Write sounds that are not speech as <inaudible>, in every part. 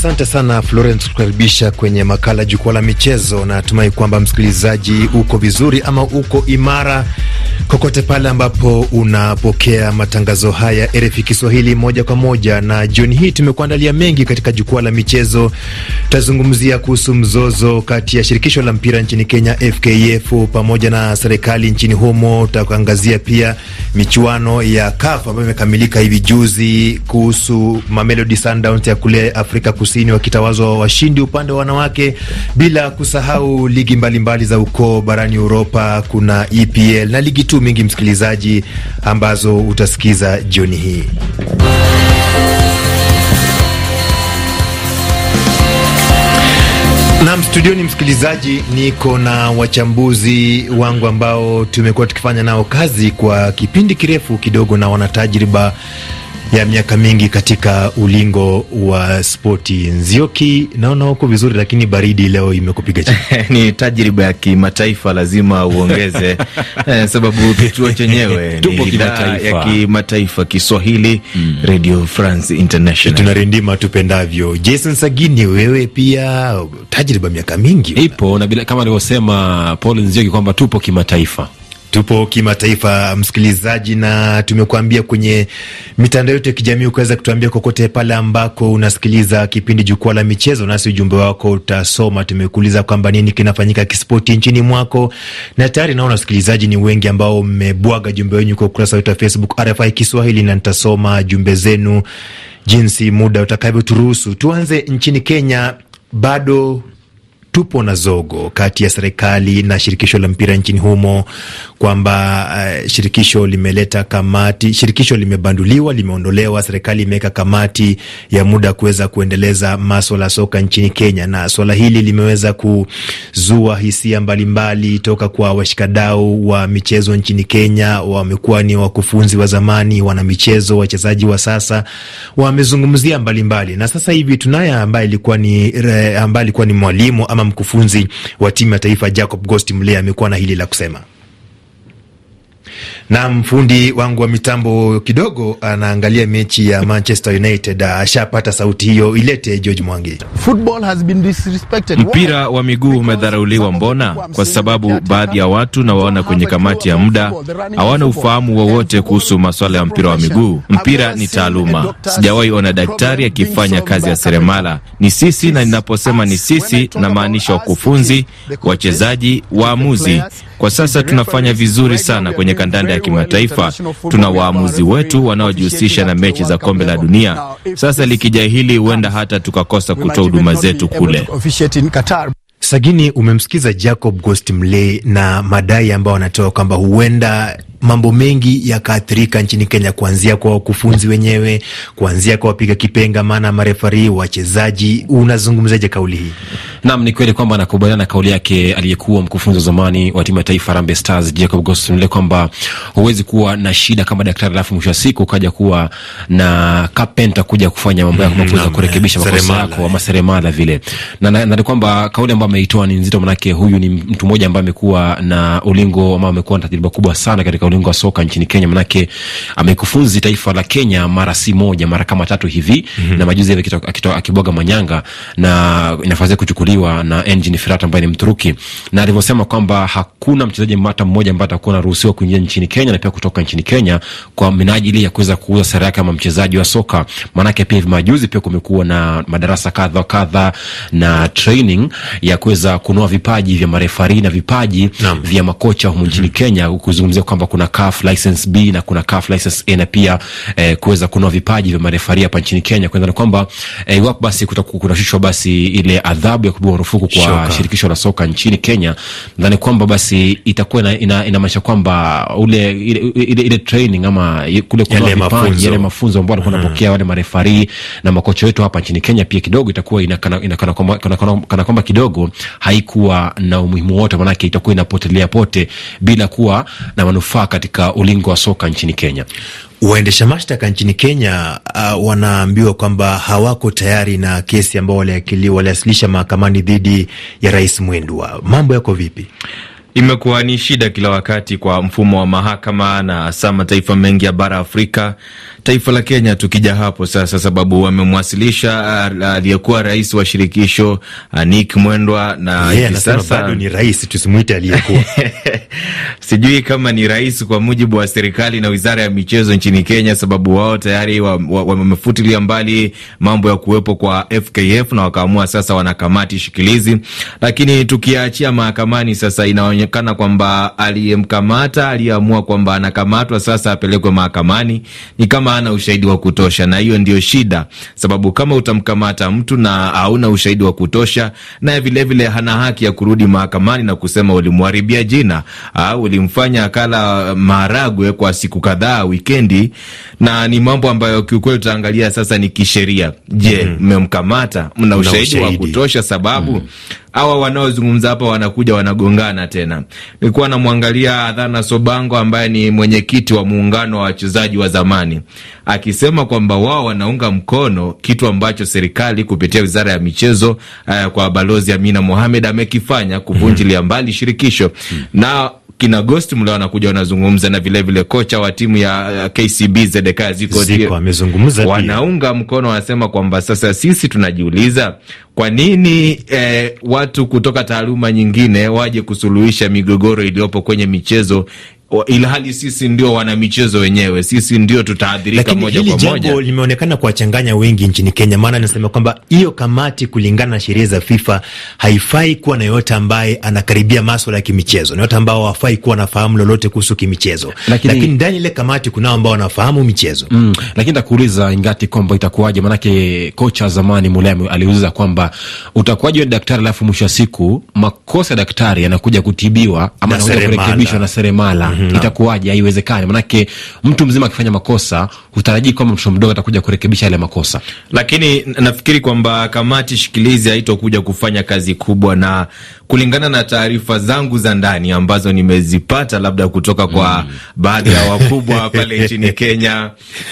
Asante sana Florence kukaribisha kwenye makala jukwaa la michezo. Natumai kwamba msikilizaji uko vizuri ama uko imara kokote pale ambapo unapokea matangazo haya RFI Kiswahili moja kwa moja. Na jioni hii tumekuandalia mengi katika jukwaa la michezo. Tutazungumzia kuhusu mzozo kati ya shirikisho la mpira nchini Kenya FKF e pamoja na serikali nchini humo. Tutakuangazia pia michuano ya CAF ambayo imekamilika hivi juzi, kuhusu Mamelodi Sundowns ya kule Afrika Kusini wakitawazwa washindi upande wa wanawake, bila kusahau ligi mbalimbali mbali za ukoo barani Uropa. Kuna EPL na ligi tu mingi msikilizaji, ambazo utasikiza jioni hii. Nam studioni, msikilizaji, niko na wachambuzi wangu ambao tumekuwa tukifanya nao kazi kwa kipindi kirefu kidogo, na wanatajriba ya miaka mingi katika ulingo wa spoti. Nzioki, naona huko vizuri, lakini baridi leo imekupiga chini. <laughs> Ni tajriba ya kimataifa, lazima uongeze <laughs> eh, sababu kituo chenyewe <laughs> ni idhaa ya kimataifa Kiswahili mm. Radio France International, tunarindima tupendavyo. Jason Sagini, wewe pia tajriba miaka mingi ipo na bila, kama alivyosema Paul Nzioki kwamba tupo kimataifa Tupo kimataifa, msikilizaji, na tumekuambia kwenye mitandao yote ya kijamii ukaweza kutuambia kokote pale ambako unasikiliza kipindi Jukwaa la Michezo, nasi ujumbe wako utasoma. Tumekuuliza kwamba nini kinafanyika kispoti nchini mwako, na tayari naona wasikilizaji ni wengi ambao mmebwaga jumbe wenyu kwa ukurasa wetu wa Facebook RFI Kiswahili, na nitasoma jumbe zenu jinsi muda utakavyoturuhusu. Tuanze nchini Kenya bado tupo na zogo kati ya serikali na shirikisho la mpira nchini humo, kwamba uh, shirikisho limeleta kamati, shirikisho limebanduliwa, limeondolewa, serikali imeweka kamati ya muda kuweza kuendeleza maswala ya soka nchini Kenya, na swala hili limeweza kuzua hisia mbalimbali toka kwa washikadau wa michezo nchini Kenya. Wamekuwa ni wakufunzi wa zamani, wana michezo, wachezaji wa sasa, wamezungumzia mbalimbali, na sasa hivi tunaye ambaye alikuwa ni eh, ambaye alikuwa ni mwalimu ama mkufunzi wa timu ya taifa Jacob Ghost Mulee amekuwa na hili la kusema na mfundi wangu wa mitambo kidogo anaangalia mechi ya Manchester United, ashapata sauti hiyo, ilete George Mwangi. Mpira wa miguu umedharauliwa, mbona? Kwa sababu baadhi ya watu nawaona kwenye kamati ya muda hawana ufahamu wowote kuhusu maswala ya mpira wa miguu. Mpira ni taaluma, sijawahi ona daktari akifanya kazi ya seremala. Ni sisi, na ninaposema ni sisi, namaanisha wakufunzi, wachezaji, waamuzi kwa sasa tunafanya vizuri sana kwenye kandanda ya kimataifa, tuna waamuzi wetu wanaojihusisha na mechi za kombe la dunia. Sasa likija hili, huenda hata tukakosa kutoa huduma zetu kule. Sagini, umemsikiza Jacob Ghost Mulee na madai ambayo wanatoa kwamba huenda mambo mengi yakaathirika nchini Kenya, kuanzia kwa wakufunzi wenyewe, kuanzia kwa wapiga kipenga, maana marefari, wachezaji. Unazungumzaje kauli hii? Naam, ni kweli kwamba anakubaliana na kauli yake aliyekuwa mkufunzi wa zamani wa timu ya taifa Harambee Stars Jacob Goston ile kwamba huwezi kuwa na shida kama daktari, alafu mwisho wa siku ukaja kuwa na carpenter kuja kufanya mambo yako mm-hmm. makuweza kurekebisha makosa yako ama seremala vile, na na kwamba kauli ambayo ameitoa ni nzito, manake huyu ni mtu mmoja ambaye amekuwa na ulingo ama amekuwa na tajriba kubwa sana katika ulingo wa soka nchini Kenya, manake amekufunzi taifa la Kenya mara si moja, mara kama tatu hivi mm -hmm. na majuzi hivi akitoa akiboga manyanga na nafasi kuchukuliwa na Engin Firat ambaye ni Mturuki, na alivyosema kwamba hakuna mchezaji hata mmoja ambaye atakuwa anaruhusiwa kuingia nchini Kenya na pia kutoka nchini Kenya kwa minajili ya kuweza kuuza sera yake kama mchezaji wa soka. manake pia hivi majuzi pia kumekuwa na madarasa kadha kadha na training ya kuweza kunua vipaji vya marefari na vipaji Naam. vya makocha humu nchini mm -hmm. Kenya, kuzungumzia kwamba kuna kuna CAF license B na kuna CAF license A na pia eh, kuweza kunoa vipaji vya marefaria hapa nchini Kenya kuenda na kwamba eh, iwapo eh, basi kutashushwa basi ile adhabu ya kupigwa marufuku kwa Shoka. shirikisho la soka nchini Kenya, nadhani kwamba basi itakuwa ina, ina, ina inamaanisha kwamba ule ile, ile, ile training ama kule kunua vipaji yale mafunzo ambayo walikuwa mm. wanapokea hmm. wale marefari na makocha wetu hapa nchini Kenya pia kidogo itakuwa inakana inakana kwamba kana, kana, kana kwamba kidogo haikuwa na umuhimu wote, maanake itakuwa inapotelea pote bila kuwa na manufaa katika ulingo wa soka nchini Kenya. Waendesha mashtaka nchini Kenya uh, wanaambiwa kwamba hawako tayari na kesi ambao waliwasilisha mahakamani dhidi ya Rais Mwendwa. Mambo yako vipi? Imekuwa ni shida kila wakati kwa mfumo wa mahakama na hasa mataifa mengi ya bara Afrika. Taifa la Kenya tukija hapo sasa, sababu wamemwasilisha aliyekuwa rais wa shirikisho Nick Mwendwa na yeah, sasa bado ni rais, tusimuite aliyekuwa <laughs> sijui kama ni rais kwa mujibu wa serikali na wizara ya michezo nchini Kenya, sababu wao tayari wamefutilia wa, wa mbali mambo ya kuwepo kwa FKF na wakaamua sasa wanakamati shikilizi, lakini tukiachia mahakamani sasa inaonyesha inaonekana kwamba aliyemkamata aliyeamua kwamba anakamatwa sasa apelekwe mahakamani ni kama ana ushahidi wa kutosha, na hiyo ndio shida, sababu kama utamkamata mtu na hauna ushahidi wa kutosha, naye vilevile hana haki ya kurudi mahakamani na kusema ulimharibia jina au ulimfanya akala maharagwe kwa siku kadhaa wikendi, na ni mambo ambayo kiukweli tutaangalia sasa ni kisheria. Je, mm-hmm. mmemkamata mm mna ushahidi wa kutosha? sababu mm hawa wanaozungumza hapa wanakuja wanagongana tena. Nilikuwa namwangalia Adhana Sobango ambaye ni mwenyekiti wa muungano wa wachezaji wa zamani akisema kwamba wao wanaunga mkono kitu ambacho serikali kupitia wizara ya michezo uh, kwa balozi Amina Mohamed amekifanya kuvunjilia mhm. mbali shirikisho mhm. na kina Gosti Mleo wanakuja wanazungumza na vilevile vile kocha wa timu ya eh, KCB Zedeka Ziko, Ziko amezungumza, wanaunga mkono, wanasema kwamba sasa sisi tunajiuliza kwa nini eh, watu kutoka taaluma nyingine waje kusuluhisha migogoro iliyopo kwenye michezo ilhali sisi ndio wana michezo wenyewe, sisi ndio tutaadhirika moja kwa moja. Jambo limeonekana kuwachanganya wengi nchini Kenya, maana nasema kwamba hiyo kamati kulingana na sheria za FIFA haifai kuwa na yoyote ambaye anakaribia maswala ya kimichezo na yote ambao hawafai kuwa wanafahamu lolote kuhusu kimichezo, lakini lakini ndani ile kamati kunao ambao wanafahamu michezo mm. Lakini takuuliza ingati kwamba itakuwaje, maanake kocha zamani Mulemi aliuliza kwamba utakuwaje wewe daktari, alafu mwisho wa siku makosa ya daktari yanakuja kutibiwa ama yanakuja kurekebishwa na seremala mm mm-hmm, itakuwaje? Haiwezekani, manake mtu mzima akifanya makosa hutarajii kwamba mtoto mdogo atakuja kurekebisha yale makosa. Lakini nafikiri kwamba kamati shikilizi haitokuja kufanya kazi kubwa na kulingana na taarifa zangu za ndani ambazo nimezipata labda kutoka kwa mm. baadhi ya wakubwa <laughs> pale nchini Kenya,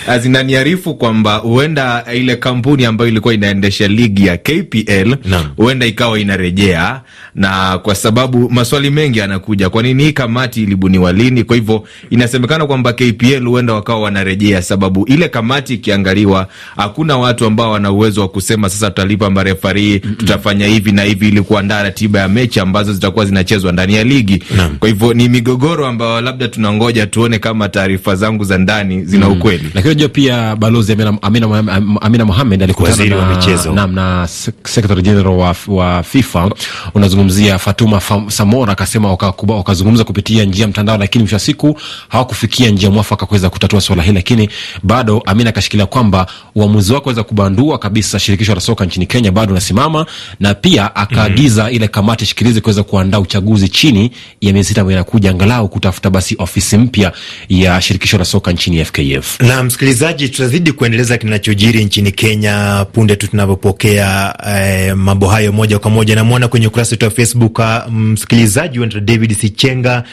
ah, zinaniarifu kwamba huenda ile kampuni ambayo ilikuwa inaendesha ligi ya KPL huenda no. ikawa inarejea, na kwa sababu maswali mengi yanakuja, kwa nini hii kamati ilibuniwa lini? Kwa hivyo inasemekana kwamba KPL huenda wakawa wanarejea, sababu ile kamati ikiangaliwa, hakuna watu ambao wana uwezo wa kusema sasa tutalipa marefari, tutafanya hivi na hivi ili kuandaa ratiba ya mechi mechi ambazo zitakuwa zinachezwa ndani ya ligi na. Kwa hivyo ni migogoro ambayo labda tunangoja tuone kama taarifa zangu za ndani zina mm. ukweli Lakini unajua pia balozi Amina, Amina, Amina Mohamed alikutana wa michezo na, na Secretary General wa, wa FIFA unazungumzia Fatuma fam, Samora akasema wakazungumza kupitia njia mtandao, lakini mwisho wa siku hawakufikia njia mwafaka kuweza kutatua swala hili, lakini bado Amina akashikilia kwamba uamuzi wake waweza kubandua kabisa shirikisho la soka nchini Kenya bado unasimama na pia akaagiza mm. ile kamati wasikilize kuweza kuandaa uchaguzi chini ya miezi sita ambayo inakuja, angalau kutafuta basi ofisi mpya ya shirikisho la soka nchini FKF. Na msikilizaji, tutazidi kuendeleza kinachojiri nchini Kenya punde tu tunavyopokea eh, mambo hayo moja kwa moja. Namwona kwenye ukurasa wetu wa Facebook ah, msikilizaji wetu David Sichenga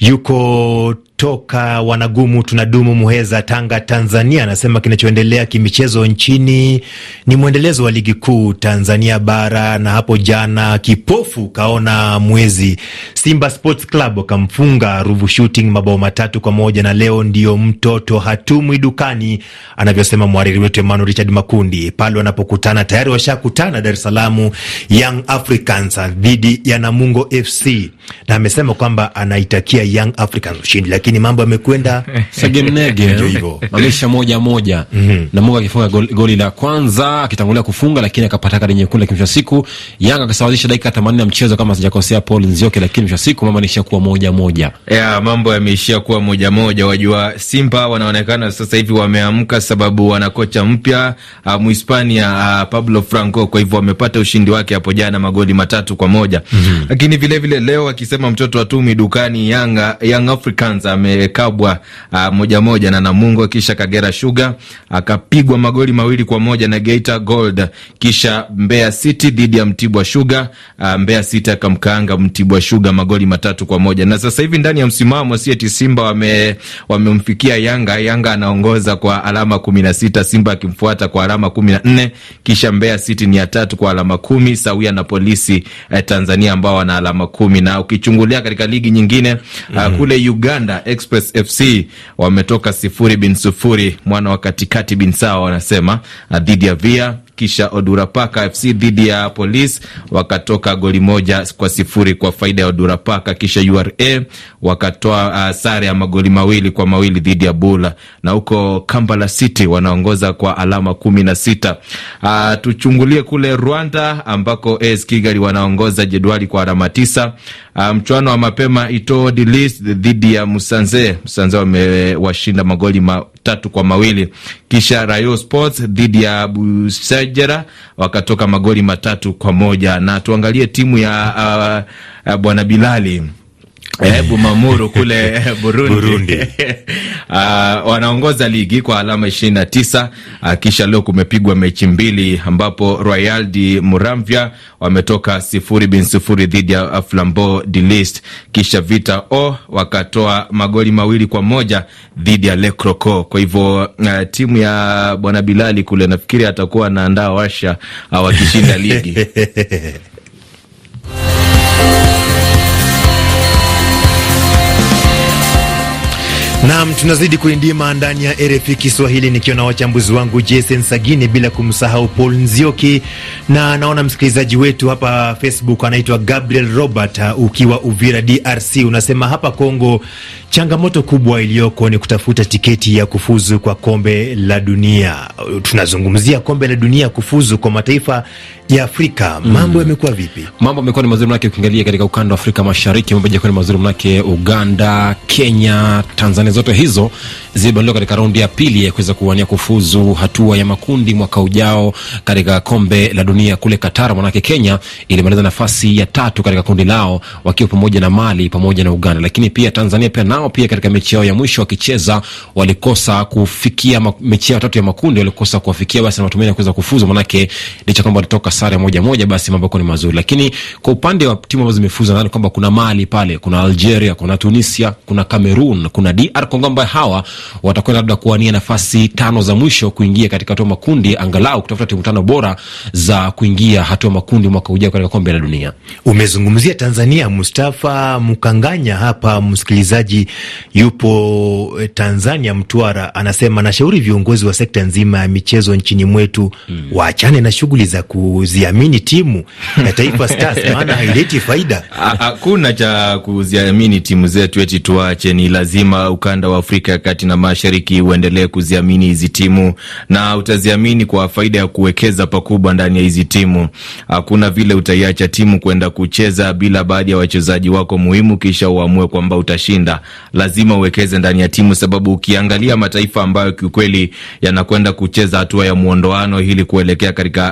yuko kutoka wanagumu tunadumu Muheza, Tanga, Tanzania, anasema kinachoendelea kimichezo nchini ni mwendelezo wa ligi kuu Tanzania bara, na hapo jana kipofu kaona mwezi. Simba Sports Club wakamfunga Ruvu Shooting mabao matatu kwa moja, na leo ndio mtoto hatumwi dukani, anavyosema mhariri wetu Emmanuel Richard Makundi. Pale wanapokutana tayari washakutana Dar es Salaam, Young Africans dhidi ya Namungo FC, na amesema kwamba anaitakia Young Africans ushindi, lakini lakini mambo yamekwenda <laughs> segemnege eh? hivyo mamesha moja moja mm -hmm. na Mungu akifunga goli, goli la kwanza akitangulia kufunga, lakini akapata kadi nyekundu, lakini mwisho siku Yanga akasawazisha dakika 80 ya mchezo, kama sijakosea Paul Nzioki, lakini mwisho siku mama anaishia kuwa moja moja yeah, mambo yameishia kuwa moja moja. Wajua Simba wanaonekana sasa hivi wameamka, sababu wana kocha mpya uh, ah, Mhispania uh, ah, Pablo Franco, kwa hivyo wamepata ushindi wake hapo jana magoli matatu kwa moja mm -hmm. lakini vile vile leo akisema mtoto wa tumi dukani Yanga Young Africans ah, amekabwa uh, moja moja na Namungo, kisha Kagera Sugar akapigwa magoli mawili kwa moja na Geita Gold, kisha Mbeya City dhidi ya Mtibwa Sugar uh, Mbeya City akamkaanga Mtibwa Sugar magoli matatu kwa moja na sasa hivi ndani ya msimamo sieti Simba wame wamemfikia Yanga. Yanga anaongoza kwa alama kumi na sita, Simba akimfuata kwa alama kumi na nne, kisha Mbeya City ni ya tatu kwa alama kumi sawia na Polisi eh, Tanzania ambao wana alama kumi na ukichungulia katika ligi nyingine mm -hmm. uh, kule Uganda Express FC wametoka sifuri bin sufuri, mwana wa katikati bin sawa wanasema dhidi ya via kisha Odurapaka FC dhidi ya Polis wakatoka goli moja kwa sifuri kwa faida ya Odurapaka, kisha URA wakatoa uh, sare ya magoli mawili kwa mawili dhidi ya Bula, na huko Kampala City wanaongoza kwa alama kumi na sita. Uh, tuchungulie kule Rwanda ambako AS Kigali wanaongoza jedwali kwa alama tisa. Uh, mchuano wa mapema Itoo Dilis dhidi ya Musanze, Musanze wamewashinda magoli ma tatu kwa mawili. Kisha Rayo Sports dhidi ya Busajara wakatoka magoli matatu kwa moja. Na tuangalie timu ya uh, uh, Bwana Bilali E, Bumamuru <laughs> kule Burundi, Burundi. Uh, <laughs> wanaongoza ligi kwa alama ishirini na tisa. Uh, kisha leo kumepigwa mechi mbili ambapo Royal di Muramvya wametoka sifuri bin sifuri dhidi ya Flambeau de List, kisha Vita o wakatoa magoli mawili kwa moja dhidi ya Le Croco. Kwa hivyo uh, timu ya bwana Bilali kule nafikiri atakuwa anaandaa washa uh, wakishinda ligi <laughs> Naam, tunazidi kuindima ndani ya RFI Kiswahili nikiwa na wachambuzi wangu Jason Sagini, bila kumsahau Paul Nzioki, na naona msikilizaji wetu hapa Facebook anaitwa Gabriel Robert, uh, ukiwa Uvira DRC, unasema hapa Kongo changamoto kubwa iliyoko ni kutafuta tiketi ya kufuzu kwa kombe la dunia. Tunazungumzia kombe la dunia, kufuzu kwa mataifa ya Afrika. Mm. Mambo mm, yamekuwa vipi? Mambo yamekuwa ni mazuri, mnake, ukiangalia katika ukanda wa Afrika Mashariki mambo yamekuwa ni mazuri, mnake, Uganda, Kenya, Tanzania nane zote hizo zilibandiliwa katika raundi ya pili ya kuweza kuwania kufuzu hatua ya makundi mwaka ujao katika kombe la dunia kule Qatar. Manake Kenya ilimaliza nafasi ya tatu katika kundi lao wakiwa pamoja na Mali pamoja na Uganda, lakini pia Tanzania pia nao pia katika mechi yao ya mwisho wakicheza walikosa kufikia mechi yao tatu ya makundi walikosa kuwafikia basi na matumaini ya kuweza kufuzu, manake licha kwamba walitoka sare moja moja, basi mambo ni mazuri. Lakini kwa upande wa timu ambazo zimefuzu, nadhani kwamba kuna Mali pale, kuna Algeria, kuna Tunisia, kuna Cameroon, kuna DR Congo ambaye hawa watakwenda labda kuwania nafasi tano za mwisho kuingia katika hatua makundi, angalau kutafuta timu tano bora za kuingia hatua makundi mwaka ujao katika kombe la dunia. Umezungumzia Tanzania, Mustafa Mkanganya hapa msikilizaji yupo eh, Tanzania, Mtwara, anasema nashauri viongozi wa sekta nzima ya michezo nchini mwetu hmm, waachane na shughuli za kuziamini timu <laughs> ya Taifa Stars maana haileti faida. Hakuna cha kuziamini timu zetu eti tuache, ni lazima uka ukanda wa Afrika ya kati na mashariki uendelee kuziamini hizi timu na utaziamini kwa faida ya kuwekeza pakubwa ndani ya hizi timu. Hakuna vile utaiacha timu kwenda kucheza bila baadhi ya wachezaji wako muhimu, kisha uamue kwamba utashinda. Lazima uwekeze ndani ya timu, sababu ukiangalia mataifa ambayo kiukweli yanakwenda kucheza hatua ya muondoano ili kuelekea katika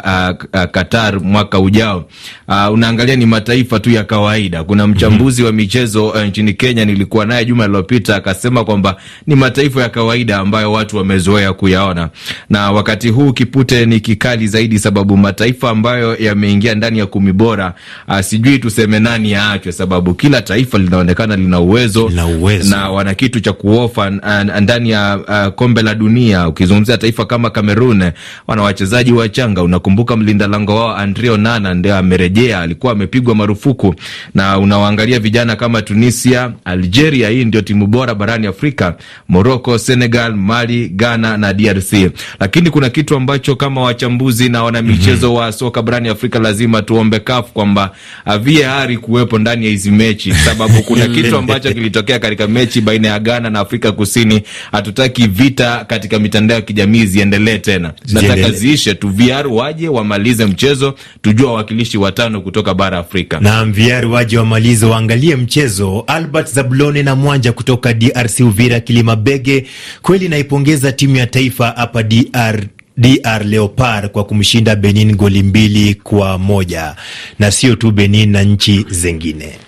uh, uh, Qatar mwaka ujao uh, unaangalia ni mataifa tu ya kawaida. Kuna mchambuzi wa michezo uh, nchini Kenya nilikuwa naye juma lililopita akasema kwamba ni mataifa ya kawaida ambayo watu wamezoea kuyaona, na wakati huu kipute ni kikali zaidi, sababu mataifa ambayo yameingia ndani ya kumi bora, ah, sijui tuseme nani yaachwe, sababu kila taifa linaonekana lina uwezo, na, na wana kitu cha kuofa ah, ndani ya uh, kombe la dunia. Ukizungumzia taifa kama Kamerun, wana wachezaji wachanga. Unakumbuka mlinda lango wao Andre Onana ndio amerejea, alikuwa amepigwa marufuku, na unawaangalia vijana kama Tunisia, Algeria, hii ndio timu bora barani Afrika. Afrika, Moroko, Senegal, Mali, Ghana na DRC. Lakini kuna kitu ambacho kama wachambuzi na wanamichezo mm -hmm. wa soka barani Afrika lazima tuombe kaf kwamba ah, VAR kuwepo ndani ya hizi mechi, sababu kuna <laughs> kitu ambacho kilitokea katika mechi baina ya Ghana na Afrika Kusini. Hatutaki vita katika mitandao ya kijamii ziendelee tena, nataka ziishe tu. VAR waje wamalize mchezo, tujua wawakilishi watano kutoka bara Afrika na VAR waje wamalize, waangalie mchezo. Albert Zablone na Mwanja kutoka DRC Uvira Kilimabege. Kweli naipongeza timu ya taifa hapa DR DR Leopard kwa kumshinda Benin goli mbili kwa moja na sio tu Benin na nchi zingine.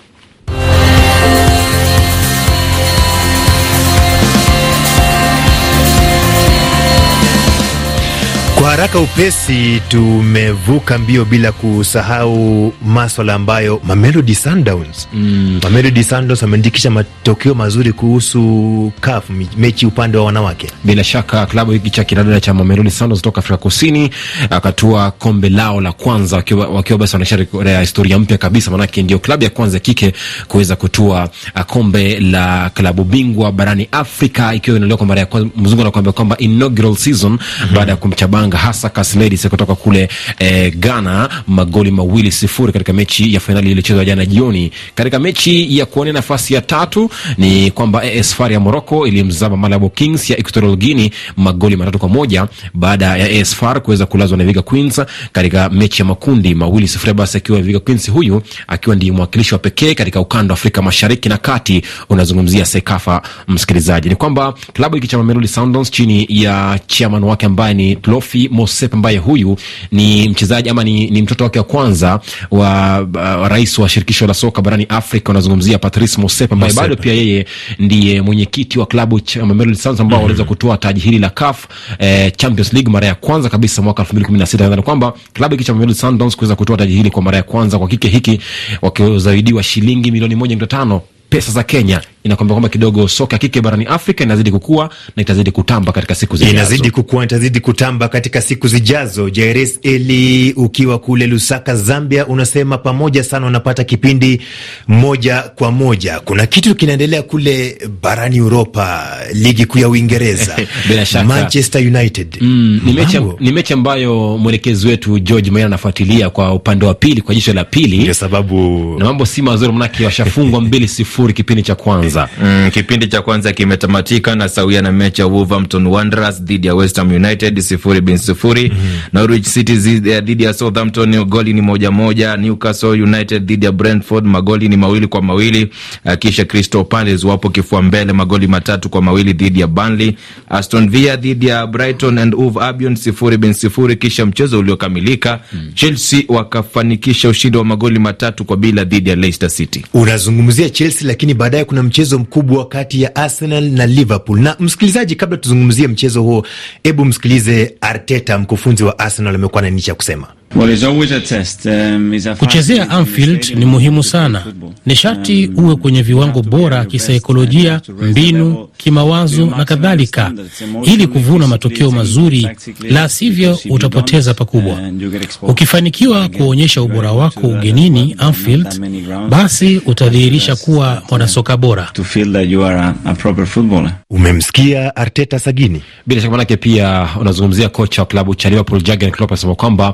Kwa haraka upesi tumevuka mbio bila kusahau maswala ambayo Mamelodi Sundowns mm. Mamelodi Sundowns wameandikisha matokeo mazuri kuhusu CAF mechi upande wa wanawake. Bila shaka klabu hiki cha kinadada cha Mamelodi Sundowns kutoka Afrika Kusini akatua kombe lao la kwanza wakiwa, basi wanaisha historia mpya kabisa, maanake ndio klabu ya kwanza ya kike kuweza kutua kombe la klabu bingwa barani Afrika, ikiwa inaliwa kwa mara ya kwanza mzungu anakuambia kwamba inaugural season mm -hmm. baada ya kumchabanga yanga Hasa kasledis kutoka kule eh, Ghana magoli mawili sifuri katika mechi ya fainali iliyochezwa jana jioni. Katika mechi ya kuonea nafasi ya tatu ni kwamba AS FAR ya Morocco ilimzaba Malabo Kings ya Equatorial guini magoli matatu kwa moja baada ya AS FAR kuweza kulazwa na Viga quins katika mechi ya makundi mawili sifuri. Basi akiwa Viga quins huyu akiwa ndiye mwakilishi wa pekee katika ukanda wa Afrika Mashariki na Kati, unazungumzia Sekafa. Msikilizaji, ni kwamba klabu hiki cha Mamelodi Sundowns chini ya chairman wake ambaye ni Tlofi Koffi Mosep ambaye huyu ni mchezaji ama ni, ni mtoto wake wa kwanza wa uh, rais wa shirikisho la soka barani Afrika. Unazungumzia Patrice Mosep ambaye bado pia yeye ndiye mwenyekiti wa klabu cha Mamelodi Sundowns ambao mhm. waliweza kutoa taji hili la CAF eh, Champions League mara ya kwanza kabisa mwaka 2016. Nadhani kwamba klabu hiki cha Mamelodi Sundowns kuweza kutoa taji hili kwa mara ya kwanza kwa kike hiki wakizaidiwa shilingi milioni 1.5 pesa za Kenya inakwambia kwamba kidogo soka kike barani Afrika inazidi kukua na itazidi kutamba katika siku zijazo, inazidi kukua, itazidi kutamba katika siku zijazo. Jairis Eli, ukiwa kule Lusaka, Zambia, unasema pamoja sana, unapata kipindi moja kwa moja. Kuna kitu kinaendelea kule barani Uropa, ligi kuu ya Uingereza <laughs> bila shaka Manchester United mm, ni mechi ambayo mwelekezi wetu George Maina anafuatilia kwa upande wa pili, kwa jicho la pili, kwa sababu na mambo si mazuri, manake washafungwa <laughs> mbili sifuri kipindi cha kwanza kwanza. Mm, kipindi cha kwanza kimetamatika na sawia na mechi ya Wolverhampton Wanderers dhidi ya West Ham United sifuri bin sifuri. Mm -hmm. Norwich City eh, dhidi ya Southampton goli ni moja moja. Newcastle United dhidi ya Brentford magoli ni mawili kwa mawili. Eh, kisha Crystal Palace wapo kifua mbele magoli matatu kwa mawili dhidi ya Burnley. Aston Villa dhidi ya Brighton and Hove Albion sifuri bin sifuri. Kisha mchezo uliokamilika, mm. Chelsea wakafanikisha ushindi wa magoli matatu kwa bila dhidi ya Leicester City. Unazungumzia Chelsea lakini baadaye kuna mchezo mchezo mkubwa kati ya Arsenal na Liverpool. Na msikilizaji, kabla tuzungumzie mchezo huo, hebu msikilize Arteta, mkufunzi wa Arsenal, amekuwa na nini cha kusema. Um, kuchezea Anfield ni muhimu sana. Nishati um, uwe kwenye viwango bora kisaikolojia, mbinu, kimawazo na kadhalika, ili kuvuna matokeo mazuri, la sivyo utapoteza pakubwa. Uh, Ukifanikiwa kuonyesha ubora wako uh, ugenini Anfield, basi utadhihirisha kuwa mwanasoka bora. Umemsikia Arteta Sagini, bila shaka manake pia unazungumzia kocha wa klabu cha Liverpool Jurgen Klopp anasema kwamba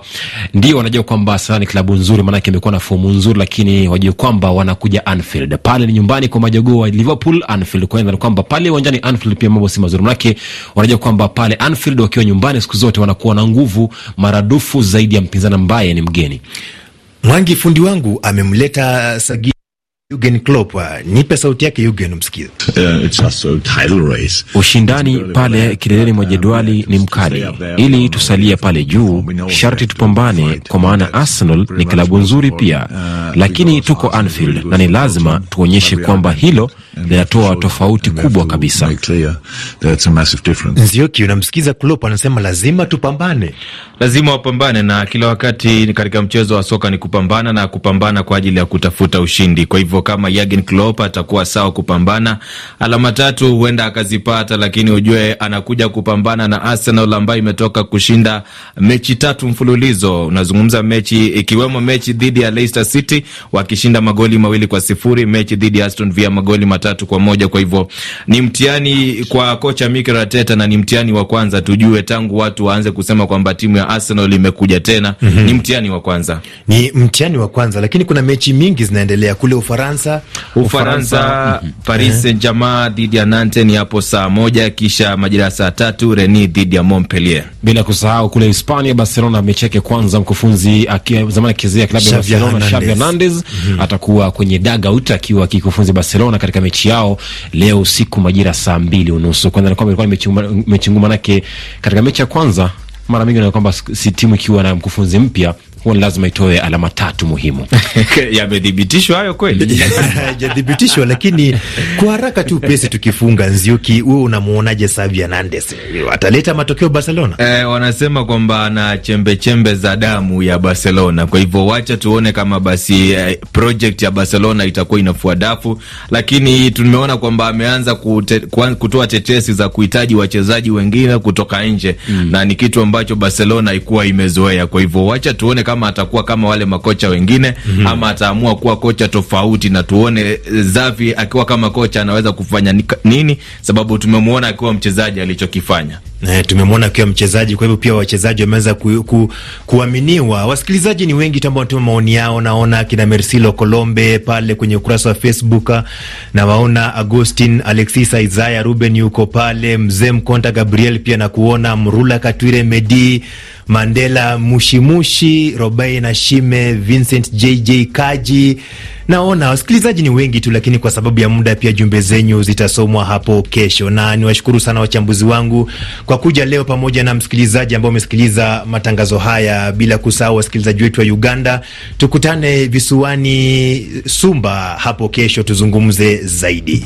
ndio wanajua kwamba Arsenal ni klabu nzuri, maanake imekuwa na fomu nzuri, lakini wajue kwamba wanakuja Anfield. Pale ni nyumbani kwa majogoo wa Liverpool, Anfield. Kwa hiyo kwamba pale uwanjani Anfield pia mambo si mazuri, maanake wanajua kwamba pale Anfield wakiwa nyumbani siku zote wanakuwa na nguvu maradufu zaidi ya mpinzani ambaye ni mgeni. Mwangi fundi wangu amemleta sagi Jurgen Klopp, uh, nipe sauti yake Jurgen, msikize. Uh, ushindani pale kileleni mwa jedwali ni mkali. Ili tusalie pale juu, sharti tupambane, kwa maana Arsenal ni klabu nzuri pia, lakini tuko Anfield na ni lazima tuonyeshe kwamba hilo linatoa tofauti kubwa kabisa. Nzioki, unamsikiza Klopp anasema lazima tupambane, lazima wapambane, na kila wakati katika mchezo wa soka ni kupambana na kupambana kwa ajili ya kutafuta ushindi. Kwa hivyo kama Jurgen Klopp atakuwa sawa kupambana, alama tatu huenda akazipata, lakini ujue anakuja kupambana na Arsenal ambayo imetoka kushinda mechi tatu mfululizo. Unazungumza mechi ikiwemo mechi dhidi ya Leicester City wakishinda magoli mawili kwa sifuri, mechi dhidi ya Aston Villa magoli matatu tatu kwa moja. Kwa hivyo ni mtihani kwa kocha Mikel Arteta na ni mtihani wa kwanza tujue, tangu watu waanze kusema kwamba timu ya Arsenal imekuja tena. mm -hmm. Ni mtihani wa kwanza, ni mtihani wa kwanza, lakini kuna mechi mingi zinaendelea kule Ufaransa. Ufaransa, Ufaransa mm -hmm. Paris mhm. Saint Germain dhidi ya Nantes ni hapo saa moja, kisha majira ya saa tatu Rennes dhidi ya Montpellier, bila kusahau kule Hispania, Barcelona mechi yake kwanza, mkufunzi zamani akichezea klabu ya Barcelona Xavi Hernandez mm -hmm. atakuwa kwenye dugout akiwa akikufunzi Barcelona katika mechi kati yao leo usiku majira saa mbili unusu. Kwanza ni kwamba ilikuwa mechi ngumu, manake katika mechi ya kwanza mara mingi na kwamba si timu ikiwa na mkufunzi mpya Huwa lazima itoe alama tatu muhimu. <laughs> yamedhibitishwa hayo kweli? Hajathibitishwa, <laughs> lakini kwa haraka tu pesi, tukifunga Nziuki, wewe unamuonaje Xavi Hernandez ataleta matokeo Barcelona? Eh, wanasema kwamba ana chembe chembe za damu ya Barcelona, kwa hivyo wacha tuone kama basi eh, project ya Barcelona itakuwa inafua dafu, lakini tumeona kwamba ameanza kute, kutoa tetesi za kuhitaji wachezaji wengine kutoka nje mm. na ni kitu ambacho Barcelona ikuwa imezoea, kwa hivyo wacha tuone kama kama atakuwa kama wale makocha wengine mm -hmm. ama ataamua kuwa kocha tofauti, na tuone Zavi akiwa kama kocha anaweza kufanya nika, nini, sababu tumemwona akiwa mchezaji alichokifanya. Eh, tumemwona akiwa mchezaji. Kwa hivyo pia wachezaji wameanza ku, ku, kuaminiwa. Wasikilizaji ni wengi tu ambao wanatuma maoni yao, naona kina Mercilo Kolombe pale kwenye ukurasa wa Facebook, na waona Agustin Alexisa Isaya Ruben yuko pale, mzee Mkonta Gabriel pia na kuona Mrula Katwire Medi Mandela Mushimushi Robai na Shime Vincent JJ Kaji Naona wasikilizaji ni wengi tu, lakini kwa sababu ya muda pia jumbe zenyu zitasomwa hapo kesho, na niwashukuru sana wachambuzi wangu kwa kuja leo pamoja na msikilizaji ambao umesikiliza matangazo haya, bila kusahau wasikilizaji wetu wa Uganda. Tukutane visiwani Sumba hapo kesho, tuzungumze zaidi.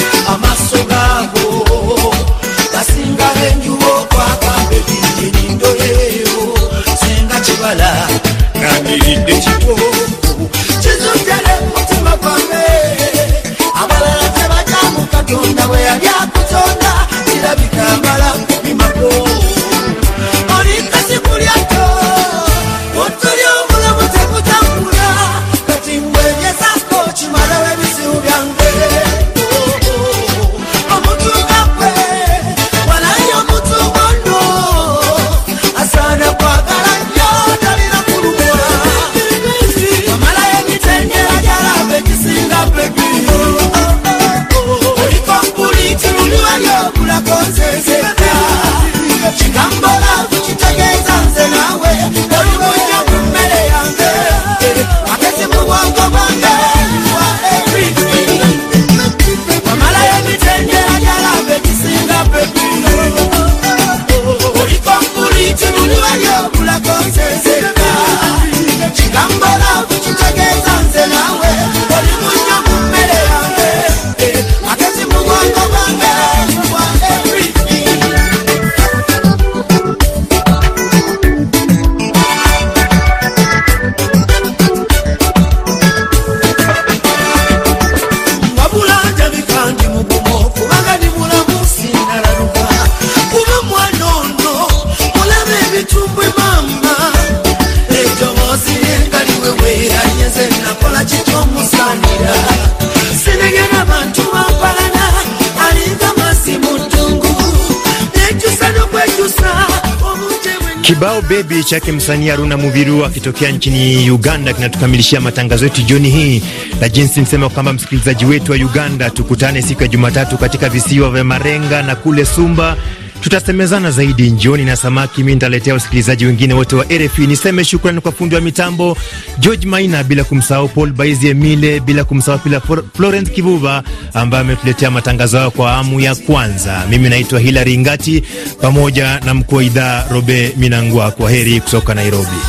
mbiridde kitoo kizuzere mutima kwange abalala tebajamu katonda bwe yalyako Kibao bebi chake msanii Haruna Muviru akitokea nchini Uganda kinatukamilishia matangazo yetu jioni hii, na jinsi nisema kwamba msikilizaji wetu wa Uganda, tukutane siku ya Jumatatu katika visiwa vya Marenga na kule Sumba Tutasemezana zaidi njioni na samaki. Mi nitaletea wasikilizaji wengine wote wa rf Niseme shukrani kwa fundi wa mitambo George Maina, bila kumsahau Paul Baizi Emile, bila kumsahau pila Florent Kivuva ambaye ametuletea matangazo hayo kwa amu ya kwanza. Mimi naitwa Hilary Ngati pamoja na mkuu wa idhaa Robe Minangwa. Kwa heri kutoka Nairobi.